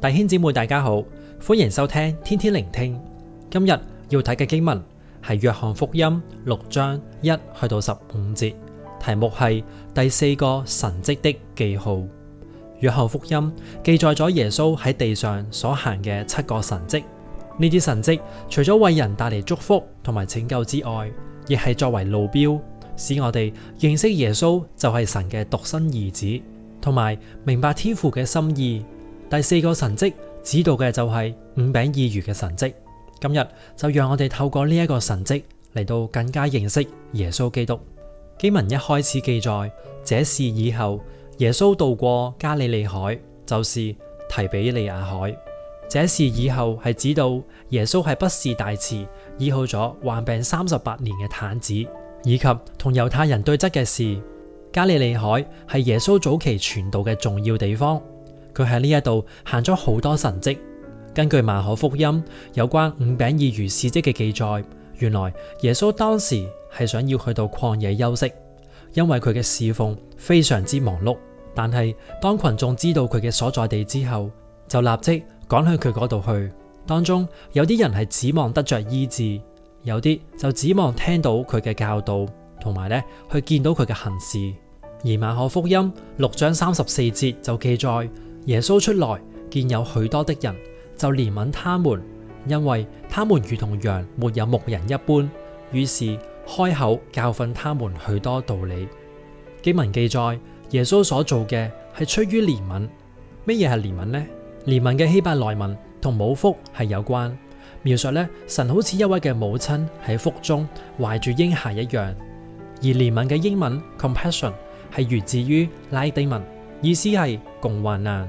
弟兄姊妹，大家好，歡迎收聽天天靈聽。今日要睇嘅經文係《約翰福音》六章一去到十五節，題目係第四個神跡的記號。《約翰福音》記載咗耶穌喺地上所行嘅七個神跡，呢啲神跡除咗為人帶嚟祝福同埋拯救之外，亦係作為路標，使我哋認識耶穌就係神嘅獨生兒子，同埋明白天父嘅心意。第四個神蹟指到嘅就係五餅二魚嘅神蹟，今日就讓我哋透過呢一個神蹟嚟到更加認識耶穌基督。經文一開始記載，這事以後耶穌渡過加利利海，就是提比哩亞海。這事以後係指到耶穌係畢士大池，醫好咗患病三十八年嘅癱子，以及同猶太人對質嘅事。加利利海係耶穌早期傳道嘅重要地方。佢喺呢一度行咗好多神蹟。根據馬可福音有關五餅二魚事蹟嘅記載，原來耶穌當時係想要去到曠野休息，因為佢嘅事奉非常之忙碌。但係當群眾知道佢嘅所在地之後，就立即趕去佢嗰度去。當中有啲人係指望得着醫治，有啲就指望聽到佢嘅教導，同埋咧去見到佢嘅行事。而馬可福音六章三十四節就記載。耶穌出來見有許多的人，就憐憫他們，因為他們如同羊沒有牧人一般。於是開口教訓他們許多道理。經文記載，耶穌所做嘅係出於憐憫。乜嘢係憐憫呢？憐憫嘅希伯來文同母腹係有關，描述呢神好似一位嘅母親喺腹中懷住嬰孩一樣。而憐憫嘅英文 compassion 係源自於拉丁文，意思係。共患難，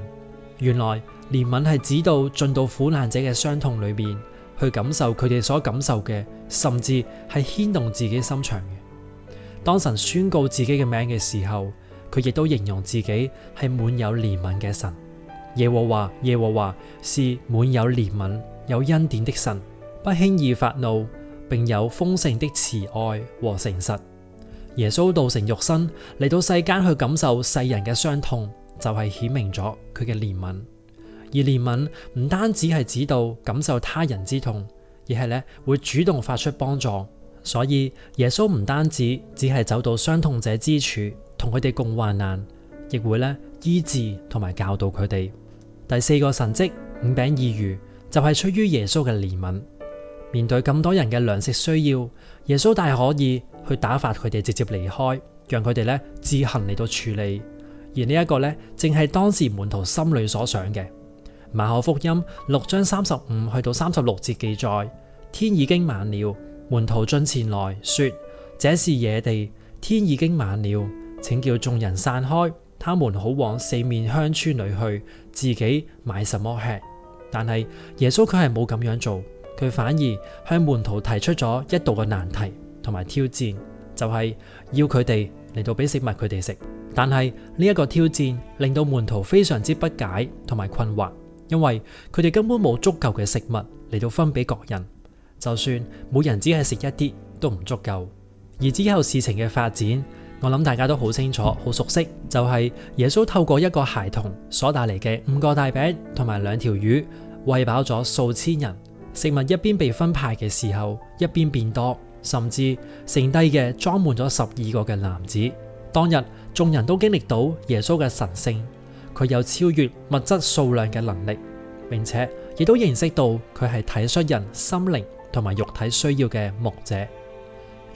原來憐憫係指到進到苦難者嘅傷痛裏面，去感受佢哋所感受嘅，甚至係牽動自己心腸嘅。當神宣告自己嘅名嘅時候，佢亦都形容自己係滿有憐憫嘅神。耶和華，耶和華，是滿有憐憫、有恩典的神，不輕易發怒，並有豐盛的慈愛和誠實。耶穌道成肉身，嚟到世間去感受世人嘅傷痛。就係顯明咗佢嘅憐憫，而憐憫唔單止係指到感受他人之痛，而係咧會主動發出幫助。所以耶穌唔單止只係走到傷痛者之處，同佢哋共患難，亦會咧醫治同埋教導佢哋。第四個神蹟五餅二魚就係出於耶穌嘅憐憫。面對咁多人嘅糧食需要，耶穌大可以去打發佢哋直接離開，讓佢哋咧自行嚟到處理。而呢一個呢，正係當時門徒心裏所想嘅。馬可福音六章三十五去到三十六節記載：天已經晚了，門徒進前來說：這是野地，天已經晚了，請叫眾人散開，他們好往四面鄉村裏去，自己買什麼吃。但係耶穌佢係冇咁樣做，佢反而向門徒提出咗一道嘅難題同埋挑戰，就係要佢哋嚟到俾食物佢哋食。但係呢一個挑戰令到門徒非常之不解同埋困惑，因為佢哋根本冇足夠嘅食物嚟到分俾各人，就算每人只係食一啲都唔足夠。而之後事情嘅發展，我諗大家都好清楚、好熟悉，就係、是、耶穌透過一個孩童所帶嚟嘅五個大餅同埋兩條魚，餵飽咗數千人。食物一邊被分派嘅時候，一邊變多，甚至剩低嘅裝滿咗十二個嘅籃子。當日，眾人都經歷到耶穌嘅神性，佢有超越物質數量嘅能力，並且亦都認識到佢係體恤人心靈同埋肉體需要嘅牧者。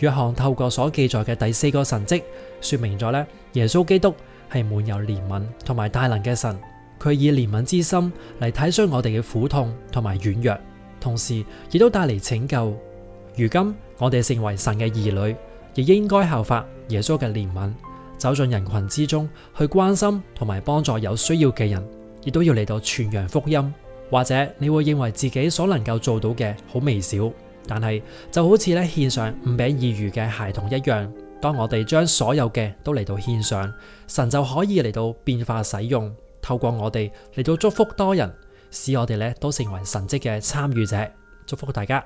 約翰透過所記載嘅第四個神蹟，說明咗咧，耶穌基督係滿有憐憫同埋大能嘅神，佢以憐憫之心嚟體恤我哋嘅苦痛同埋軟弱，同時亦都帶嚟拯救。如今我哋成為神嘅兒女，亦應該效法。耶穌嘅憐憫，走進人群之中去關心同埋幫助有需要嘅人，亦都要嚟到傳揚福音。或者你會認為自己所能夠做到嘅好微小，但係就好似咧獻上五餅二魚嘅孩童一樣。當我哋將所有嘅都嚟到獻上，神就可以嚟到變化使用，透過我哋嚟到祝福多人，使我哋咧都成為神蹟嘅參與者。祝福大家。